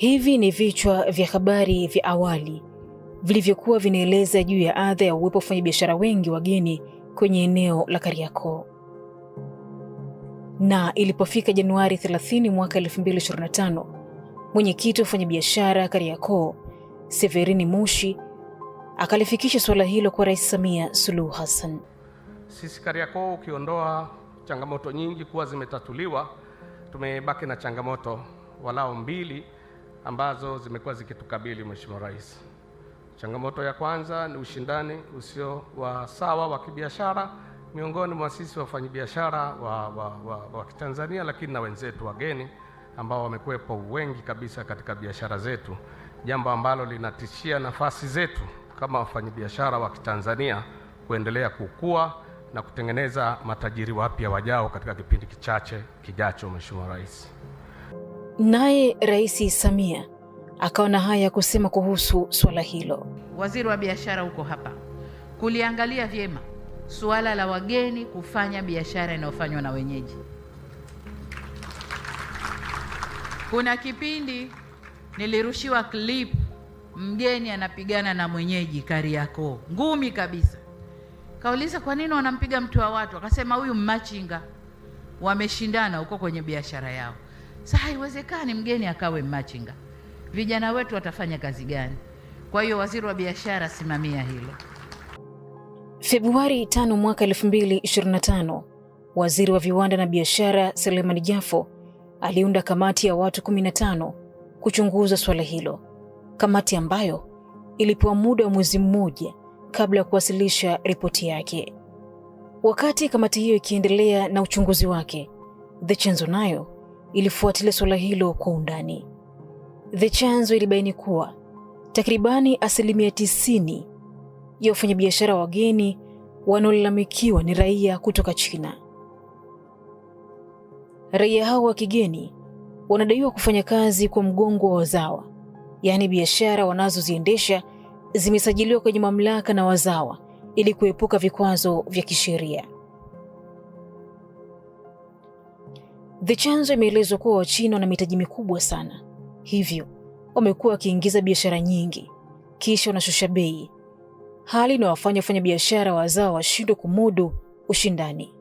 Hivi ni vichwa vya habari vya awali vilivyokuwa vinaeleza juu ya adha ya uwepo wafanyabiashara wengi wageni kwenye eneo la Kariakoo. Na ilipofika Januari 30 mwaka 2025, mwenyekiti wa wafanyabiashara Kariakoo Severini Mushi akalifikisha suala hilo kwa Rais Samia Suluhu Hassan. Sisi Kariakoo, ukiondoa changamoto nyingi kuwa zimetatuliwa, tumebaki na changamoto walao mbili ambazo zimekuwa zikitukabili Mheshimiwa Rais. Changamoto ya kwanza ni ushindani usio wa sawa wa kibiashara miongoni mwa sisi wafanyabiashara wa, wa, wa, wa Kitanzania, lakini na wenzetu wageni ambao wamekuwepo wengi kabisa katika biashara zetu, jambo ambalo linatishia nafasi zetu kama wafanyabiashara wa Kitanzania kuendelea kukua na kutengeneza matajiri wapya wajao katika kipindi kichache kijacho, Mheshimiwa Rais. Naye Rais Samia akaona haya ya kusema kuhusu suala hilo. Waziri wa biashara huko hapa kuliangalia vyema suala la wageni kufanya biashara inayofanywa na wenyeji. Kuna kipindi nilirushiwa klip mgeni anapigana na mwenyeji Kariakoo, ngumi kabisa. Kauliza, kwa nini wanampiga mtu wa watu? Akasema huyu mmachinga, wameshindana huko kwenye biashara yao. Sasa haiwezekani mgeni akawe machinga. Vijana wetu watafanya kazi gani? Kwa hiyo waziri wa biashara, simamia hilo. Februari 5 mwaka 2025, waziri wa viwanda na biashara Selemani Jafo aliunda kamati ya watu 15 kuchunguza suala hilo, kamati ambayo ilipewa muda wa mwezi mmoja kabla ya kuwasilisha ripoti yake. Wakati kamati hiyo ikiendelea na uchunguzi wake, The Chanzo nayo ilifuatilia suala hilo kwa undani. The Chanzo ilibaini kuwa takribani asilimia tisini ya wafanyabiashara wageni wanaolalamikiwa ni raia kutoka China. Raia hao wa kigeni wanadaiwa kufanya kazi kwa mgongo wa wazawa, yaani biashara wanazoziendesha zimesajiliwa kwenye mamlaka na wazawa ili kuepuka vikwazo vya kisheria. The Chanzo imeelezwa kuwa Wachina wana mitaji mikubwa sana, hivyo wamekuwa wakiingiza biashara nyingi, kisha wanashusha bei, hali inayowafanya wafanya biashara wazao washindwe kumudu ushindani.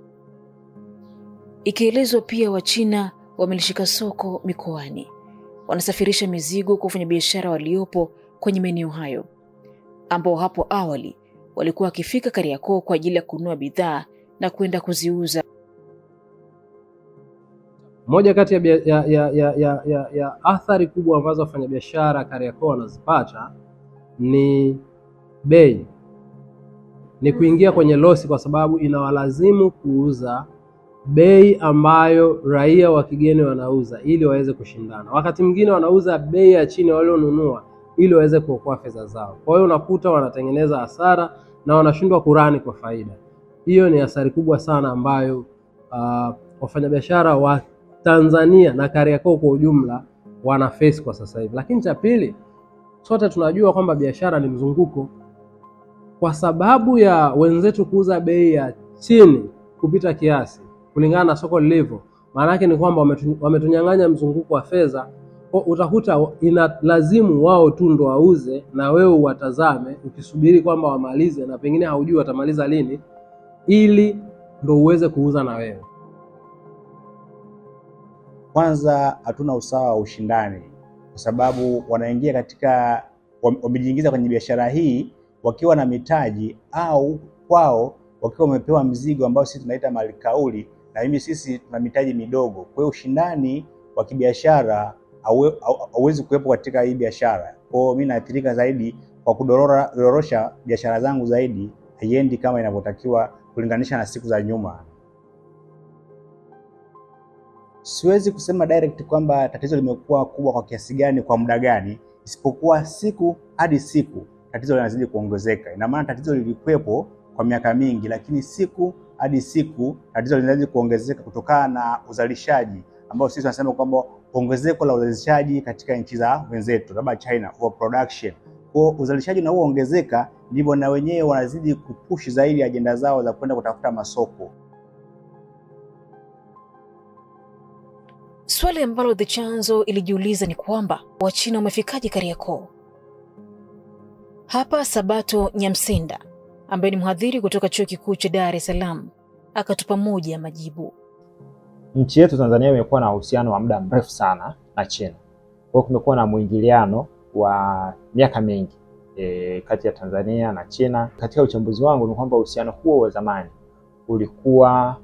Ikielezwa pia Wachina wamelishika soko mikoani, wanasafirisha mizigo kwa wafanyabiashara waliopo kwenye maeneo hayo, ambao hapo awali walikuwa wakifika Kariakoo kwa ajili ya kununua bidhaa na kwenda kuziuza. Moja kati ya, ya, ya, ya, ya, ya, ya athari kubwa ambazo wafanyabiashara Kariakoo wanazipata ni bei, ni kuingia kwenye losi, kwa sababu inawalazimu kuuza bei ambayo raia wa kigeni wanauza ili waweze kushindana. Wakati mwingine wanauza bei ya chini walionunua ili waweze kuokoa fedha zao. Kwa hiyo unakuta wanatengeneza hasara na wanashindwa kurani kwa faida. Hiyo ni hasara kubwa sana ambayo uh, wafanyabiashara wa Tanzania na Kariakoo kwa ujumla wana face kwa sasa hivi. Lakini cha pili, sote tunajua kwamba biashara ni mzunguko. Kwa sababu ya wenzetu kuuza bei ya chini kupita kiasi kulingana na soko lilivyo, maana yake ni kwamba wametunyang'anya mzunguko wa fedha. Utakuta inalazimu wao tu ndo wauze na wewe uwatazame ukisubiri kwamba wamalize, na pengine haujui watamaliza lini, ili ndo uweze kuuza na wewe. Kwanza hatuna usawa wa ushindani, kwa sababu wanaingia katika, wamejiingiza kwenye biashara hii wakiwa na mitaji au kwao wakiwa wamepewa mzigo ambao sisi tunaita malikauli, na mimi sisi tuna mitaji midogo. Kwa hiyo ushindani wa kibiashara hauwezi kuwepo katika hii biashara. Kwa hiyo mimi naathirika zaidi kwa kudorora, dorosha biashara zangu zaidi haiendi kama inavyotakiwa kulinganisha na siku za nyuma siwezi kusema direct kwamba tatizo limekuwa kubwa kwa kiasi gani kwa muda gani, isipokuwa siku hadi siku tatizo linazidi kuongezeka. Ina maana tatizo lilikuwepo kwa miaka mingi, lakini siku hadi siku tatizo linazidi kuongezeka kutokana na uzalishaji ambao sisi tunasema kwamba ongezeko la uzalishaji katika nchi za wenzetu, labda China, overproduction. Kwa uzalishaji unaoongezeka, ndivyo na wenyewe wanazidi kupushi zaidi ajenda zao za kwenda kutafuta masoko. Swali ambalo The Chanzo ilijiuliza ni kwamba Wachina wamefikaje Kariakoo? Hapa Sabato Nyamsinda ambaye ni mhadhiri kutoka Chuo Kikuu cha Dar es Salaam akatupa moja ya majibu. Nchi yetu Tanzania imekuwa na uhusiano wa muda mrefu sana na China. Kwa hiyo kumekuwa na mwingiliano wa miaka mingi e, kati ya Tanzania na China. Katika uchambuzi wangu ni kwamba uhusiano huo wa zamani ulikuwa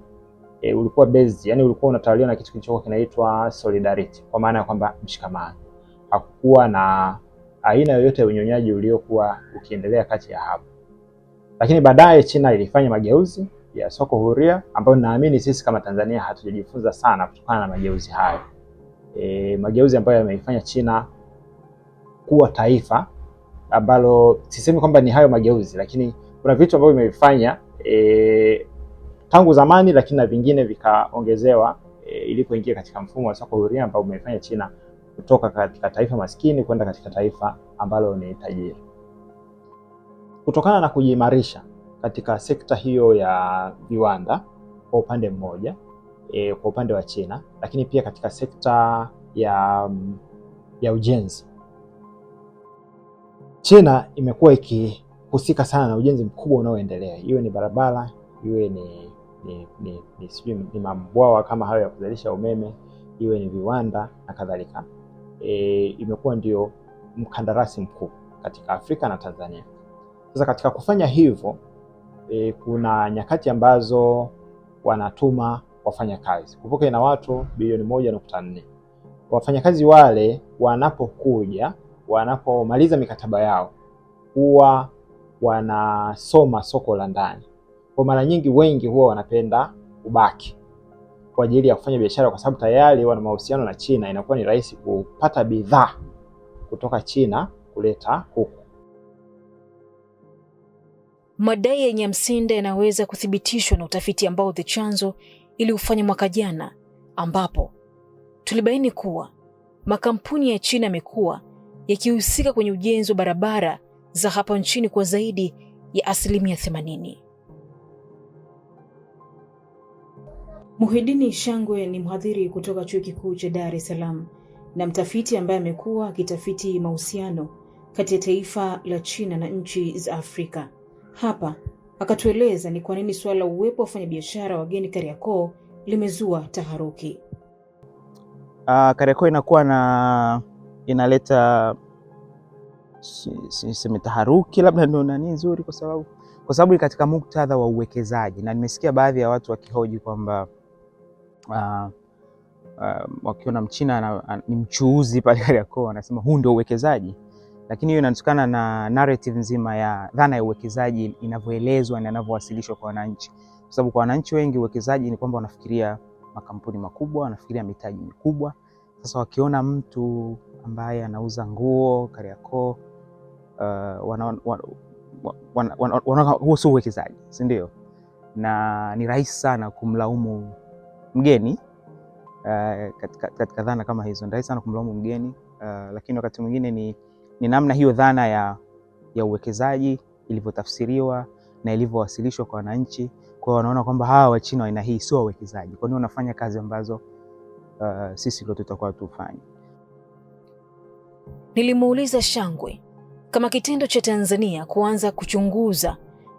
e, ulikuwa based, yani ulikuwa unatawaliwa na kitu kilichokuwa kinaitwa solidarity, kwa maana ya kwamba mshikamano. Hakukuwa na aina yoyote ya unyonyaji uliokuwa ukiendelea kati ya hapo, lakini baadaye China ilifanya mageuzi ya soko huria ambayo naamini sisi kama Tanzania hatujajifunza sana kutokana na mageuzi hayo. E, mageuzi ambayo yameifanya China kuwa taifa ambalo sisemi kwamba ni hayo mageuzi, lakini kuna vitu ambavyo vimevifanya e, tangu zamani, lakini na vingine vikaongezewa e, ili kuingia katika mfumo wa soko huria ambao umefanya China kutoka katika taifa maskini kwenda katika taifa ambalo ni tajiri. Kutokana na kujiimarisha katika sekta hiyo ya viwanda kwa upande mmoja e, kwa upande wa China, lakini pia katika sekta ya, ya ujenzi China imekuwa ikihusika sana na ujenzi mkubwa unaoendelea, iwe ni barabara, iwe ni ni, ni, ni, ni, ni mabwawa kama hayo ya kuzalisha umeme, iwe ni viwanda na kadhalika. E, imekuwa ndio mkandarasi mkuu katika Afrika na Tanzania. Sasa katika kufanya hivyo e, kuna nyakati ambazo wanatuma wafanyakazi kumbuka, ina watu bilioni moja nukta nne. Wafanyakazi wale wanapokuja, wanapomaliza mikataba yao, huwa wanasoma soko la ndani kwa mara nyingi wengi huwa wanapenda ubaki kwa ajili ya kufanya biashara, kwa sababu tayari wana mahusiano na China, inakuwa ni rahisi kupata bidhaa kutoka China kuleta huku. Madai yenye msinde yanaweza kuthibitishwa na utafiti ambao The Chanzo iliufanya mwaka jana, ambapo tulibaini kuwa makampuni ya China yamekuwa yakihusika kwenye ujenzi wa barabara za hapa nchini kwa zaidi ya asilimia 80. Muhidini Shangwe ni mhadhiri kutoka Chuo Kikuu cha Dar es Salaam na mtafiti ambaye amekuwa akitafiti mahusiano kati ya taifa la China na nchi za Afrika. Hapa akatueleza ni kwa nini suala la uwepo wa wafanyabiashara wageni Kariakoo limezua taharuki. Uh, Kariakoo inakuwa na inaleta siseme taharuki, labda ndio nani nzuri, kwa sababu kwa sababu ni katika muktadha wa uwekezaji, na nimesikia baadhi ya watu wakihoji kwamba uh, wakiona mchina ni mchuuzi pale Kariakoo wanasema huu ndio uwekezaji, lakini hiyo inatokana na narrative nzima ya dhana ya uwekezaji inavyoelezwa na inavyowasilishwa kwa wananchi, kwa sababu kwa wananchi wengi uwekezaji ni kwamba wanafikiria makampuni makubwa, wanafikiria mitaji mikubwa. Sasa wakiona mtu ambaye anauza nguo Kariakoo huo sio uwekezaji, si ndio? Na ni rahisi sana kumlaumu mgeni uh, katika, katika dhana kama hizo. Ni rahisi sana kumlaumu mgeni uh, lakini wakati mwingine ni, ni namna hiyo dhana ya, ya uwekezaji ilivyotafsiriwa na ilivyowasilishwa kwa wananchi. Kwa wanaona kwamba hawa Wachina wa aina hii sio wawekezaji, kwa nini wanafanya kazi ambazo uh, sisi ndio tutakuwa tufanye. Nilimuuliza Shangwe kama kitendo cha Tanzania kuanza kuchunguza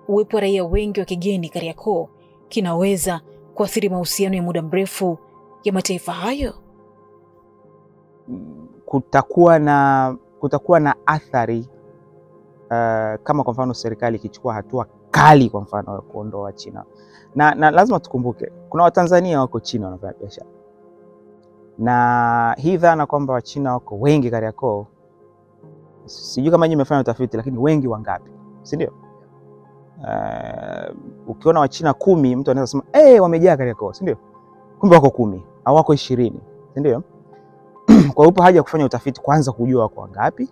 uwepo wa raia wengi wa kigeni Kariakoo kinaweza kuathiri mahusiano ya muda mrefu ya mataifa hayo? Kutakuwa na, kutakuwa na athari uh, kama kwa mfano serikali ikichukua hatua kali kwa mfano ya kuondoa China na, na lazima tukumbuke kuna Watanzania wako China wanafanya biashara, na hii dhana kwamba Wachina wako wengi Kariakoo, sijui kama nyinyi mmefanya utafiti, lakini wengi wangapi, si ndio? Uh, ukiona Wachina kumi mtu anaweza sema eh, hey, wamejaa Kariakoo, si ndio? Kumbe wako kumi au wako ishirini, si ndio? Kwa hiyo haja kufanya utafiti kwanza kujua wako wangapi.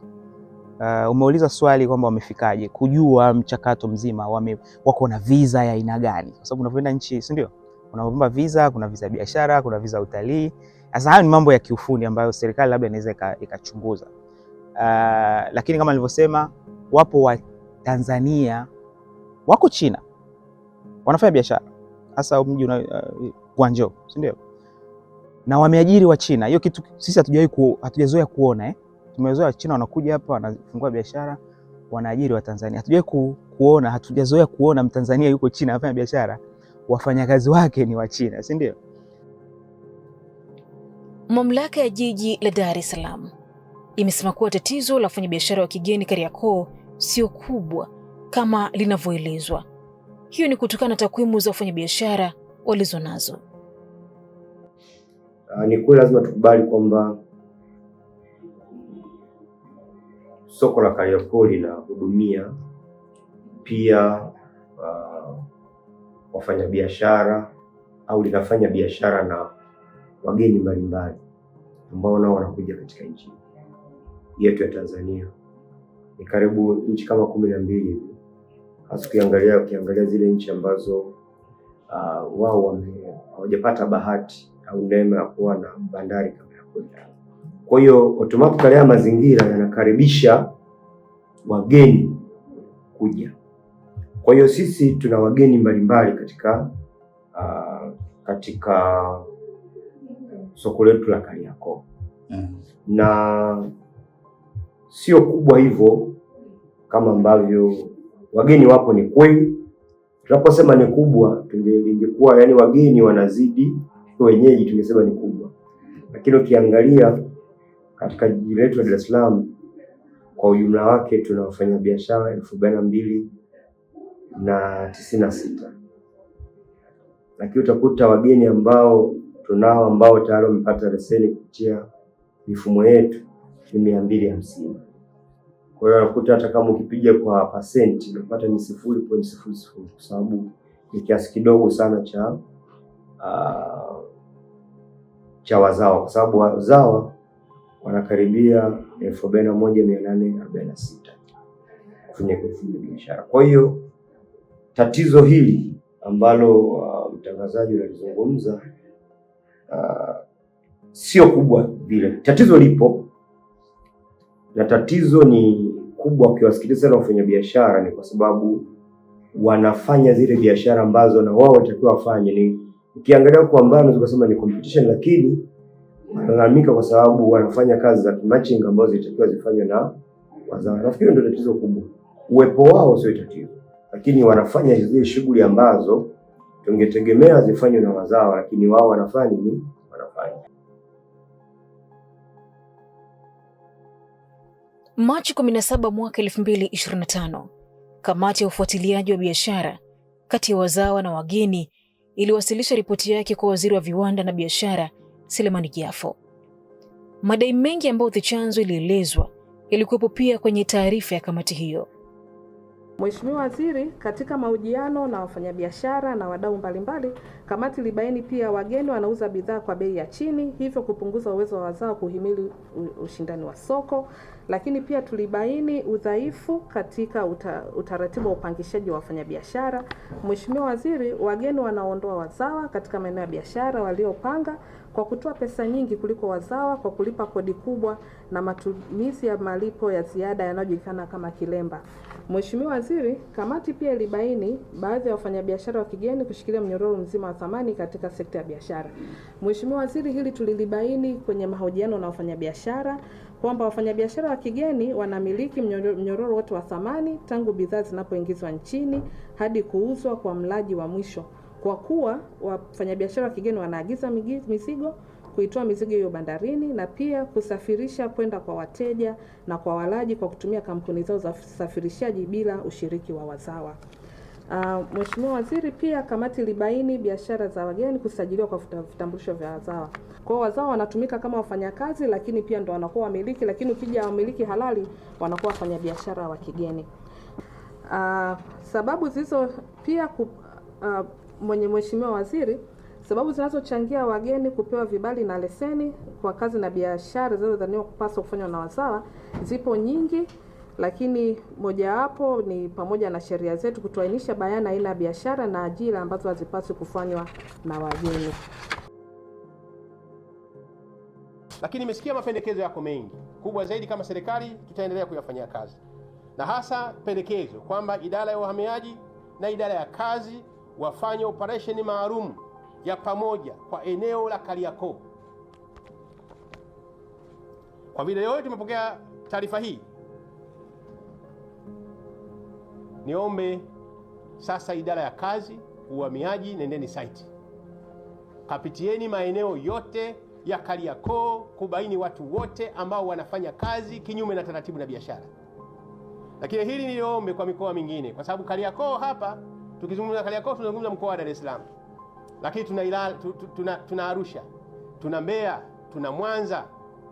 Uh, umeuliza swali kwamba wamefikaje, kujua mchakato mzima wame, wako na visa ya aina gani, kwa sababu unavyoenda nchi, si ndio? Unaomba visa, kuna visa biashara, kuna visa utalii. Sasa hayo ni mambo ya kiufundi ambayo serikali labda inaweza ikachunguza. Uh, lakini kama nilivyosema, wapo wa Tanzania wako China wanafanya biashara hasa mji una uh, Guangzhou, si ndio? Na wameajiri wa China. Hiyo kitu sisi hatujawahi ku, hatujazoea kuona eh. Tumezoea China wanakuja hapa wanafungua biashara wanaajiri wa Tanzania. Hatujawahi ku, kuona, hatujazoea kuona Mtanzania yuko China anafanya biashara, wafanyakazi wake ni wa China, si ndio? Mamlaka ya jiji la Dar es Salaam imesema kuwa tatizo la wafanyabiashara wa kigeni Kariakoo sio kubwa kama linavyoelezwa. Hiyo ni kutokana na takwimu za wafanyabiashara walizo nazo. Ah, ni kweli, lazima tukubali kwamba soko la Kariakoo linahudumia pia uh, wafanyabiashara au linafanya biashara na wageni mbalimbali ambao nao wanakuja katika nchi yetu ya Tanzania. Ni karibu nchi kama kumi na mbili hivi hasa ukiangalia ukiangalia zile nchi ambazo uh, wao hawajapata bahati au neema ya kuwa na bandari kama ya kwetu. Kwa hiyo automatically haya mazingira yanakaribisha wageni kuja. Kwa hiyo sisi tuna wageni mbalimbali katika uh, katika soko letu la Kariakoo mm. na sio kubwa hivyo kama ambavyo Wageni wapo, ni kweli. Tunaposema ni kubwa, tungekuwa yani wageni wanazidi wenyeji, tungesema ni kubwa, lakini ukiangalia katika jiji letu la Dar es Salaam kwa ujumla wake tuna wafanyabiashara elfu arobaini na mbili na tisini na sita lakini utakuta wageni ambao tunao ambao tayari wamepata leseni kupitia mifumo yetu ni mia mbili hamsini. Kwa hiyo unakuta hata kama ukipiga kwa pasenti unapata ni sifuri pointi sifuri sifuri kwa sababu ni kiasi kidogo sana cha uh, cha wazawa kwa sababu wazawa wanakaribia elfu arobaini na moja mia nane arobaini na sita kwenye biashara. Kwa hiyo tatizo hili ambalo uh, mtangazaji unalizungumza uh, ah, sio kubwa vile, tatizo lipo na tatizo ni kubwa ukiwasikiliza na wafanyabiashara ni kwa sababu wanafanya zile biashara ambazo na wao watakiwa wafanye. Ni ukiangalia kwa mbali unaweza ni competition, lakini wanalalamika kwa sababu wanafanya kazi za matching ambazo zitakiwa zifanywe na wazawa. Nafikiri ndio tatizo kubwa, uwepo wao sio tatizo, lakini wanafanya zile shughuli ambazo tungetegemea zifanywe na wazawa, lakini wao wanafanya nini? Machi 17 mwaka 2025, kamati ya ufuatiliaji wa biashara kati ya wazawa na wageni iliwasilisha ripoti yake kwa waziri wa viwanda na biashara Selemani Jafo. Madai mengi ambayo The Chanzo ilielezwa yalikuwepo pia kwenye taarifa ya kamati hiyo. Mheshimiwa Waziri, katika mahojiano na wafanyabiashara na wadau mbalimbali, kamati ilibaini pia wageni wanauza bidhaa kwa bei ya chini, hivyo kupunguza uwezo wa wazao kuhimili ushindani wa soko. Lakini pia tulibaini udhaifu katika uta, utaratibu wa upangishaji wa wafanyabiashara. Mheshimiwa Waziri, wageni wanaondoa wazawa katika maeneo ya biashara waliopanga kwa kutoa pesa nyingi kuliko wazawa, kwa kulipa kodi kubwa na matumizi ya malipo ya ziada yanayojulikana kama kilemba. Mheshimiwa Waziri, kamati pia ilibaini baadhi ya wafanyabiashara wa kigeni kushikilia mnyororo mzima wa thamani katika sekta ya biashara. Mheshimiwa Waziri, hili tulilibaini kwenye mahojiano na wafanyabiashara kwamba wafanyabiashara wa kigeni wanamiliki mnyororo wote wa thamani tangu bidhaa zinapoingizwa nchini hadi kuuzwa kwa mlaji wa mwisho kwa kuwa wafanyabiashara wa kigeni wanaagiza mizigo kuitoa mizigo hiyo bandarini na pia kusafirisha kwenda kwa wateja na kwa walaji kwa kutumia kampuni zao za usafirishaji bila ushiriki wa wazawa. Uh, Mheshimiwa Waziri, pia kamati ilibaini biashara za wageni kusajiliwa kwa vitambulisho vya wazawa. Kwa hiyo wazawa wanatumika kama wafanyakazi, lakini pia ndo wanakuwa wamiliki, lakini ukija wamiliki halali wanakuwa wafanyabiashara wa kigeni. Uh, sababu zilizo pia ku, uh, mwenye mheshimiwa waziri sababu zinazochangia wageni kupewa vibali na leseni kwa kazi na biashara zinazodhaniwa kupaswa kufanywa na wazawa zipo nyingi, lakini mojawapo ni pamoja na sheria zetu kutuainisha bayana aina ya biashara na ajira ambazo hazipaswi kufanywa na wageni. Lakini nimesikia mapendekezo yako mengi. Kubwa zaidi kama serikali, tutaendelea kuyafanyia kazi, na hasa pendekezo kwamba idara ya uhamiaji na idara ya kazi wafanye operesheni maalum ya pamoja kwa eneo la Kariakoo. Kwa vile leo tumepokea taarifa hii, niombe sasa idara ya kazi, uhamiaji, nendeni site, kapitieni maeneo yote ya Kariakoo kubaini watu wote ambao wanafanya kazi kinyume na taratibu na biashara. Lakini hili niliombe kwa mikoa mingine, kwa sababu Kariakoo hapa Tukizungumza Kariakoo tunazungumza mkoa wa Dar es Salaam, lakini tuna ila, tuna, tuna Arusha, tuna Mbeya, tuna Mwanza,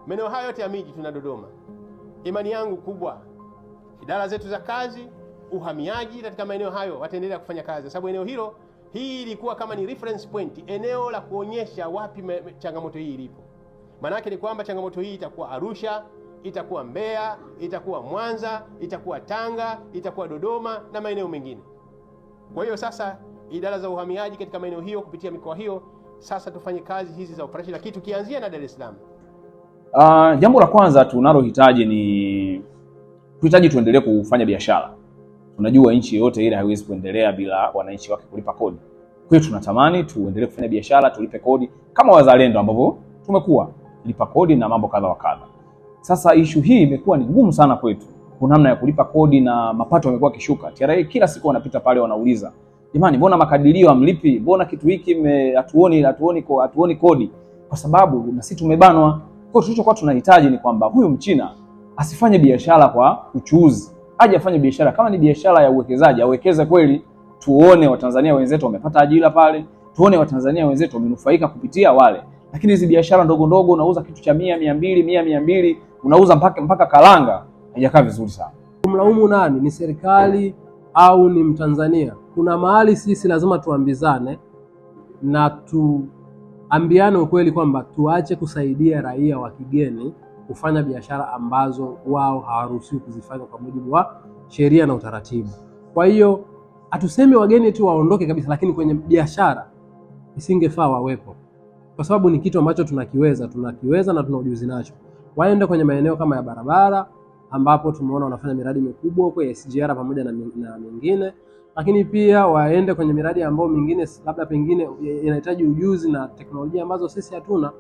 maeneo hayo yote ya miji, tuna Dodoma. Imani yangu kubwa, idara zetu za kazi, uhamiaji katika maeneo hayo wataendelea kufanya kazi, sababu eneo hilo hii ilikuwa kama ni reference point, eneo la kuonyesha wapi me, changamoto hii ilipo. yake ni kwamba changamoto hii itakuwa Arusha, itakuwa Mbeya, itakuwa Mwanza, itakuwa Tanga, itakuwa Dodoma na maeneo mengine. Kwa hiyo sasa idara za uhamiaji katika maeneo hiyo kupitia mikoa hiyo sasa tufanye kazi hizi za operation, lakini tukianzia na Dar es Salaam. Uh, jambo la kwanza tunalohitaji ni tuhitaji tuendelee kufanya biashara. Tunajua nchi yoyote ile haiwezi kuendelea bila wananchi wake kulipa kodi. Kwa hiyo tunatamani tuendelee kufanya biashara, tulipe kodi kama wazalendo ambavyo tumekuwa lipa kodi na mambo kadha wa kadha. Sasa ishu hii imekuwa ni ngumu sana kwetu kuna namna ya kulipa kodi na mapato yamekuwa kishuka. TRA kila siku wanapita pale, wanauliza jamani, mbona makadirio amlipi? Mbona kitu hiki hatuoni, hatuoni, hatuoni kodi? Kwa sababu na sisi tumebanwa. Kwa hiyo tulichokuwa tunahitaji ni kwamba huyu mchina asifanye biashara kwa uchuuzi, aje afanye biashara. Kama ni biashara ya uwekezaji, awekeze kweli, tuone watanzania wenzetu wamepata ajira pale, tuone watanzania wenzetu wamenufaika kupitia wale. Lakini hizi biashara ndogo ndogo, unauza kitu cha mia mia mbili mia mia mbili unauza mpaka, mpaka karanga haijakaa vizuri sana. Kumlaumu nani? Ni serikali au ni Mtanzania? Kuna mahali sisi lazima tuambizane na tuambiane ukweli kwamba tuache kusaidia raia wa kigeni kufanya biashara ambazo wao hawaruhusiwi kuzifanya kwa mujibu wa sheria na utaratibu. Kwa hiyo hatusemi wageni tu waondoke kabisa, lakini kwenye biashara isingefaa wawepo, kwa sababu ni kitu ambacho tunakiweza, tunakiweza na tuna ujuzi nacho. Waende kwenye maeneo kama ya barabara ambapo tumeona wanafanya miradi mikubwa huko ya SGR pamoja na, na mingine lakini pia waende kwenye miradi ambayo mingine labda pengine inahitaji ujuzi na teknolojia ambazo sisi hatuna,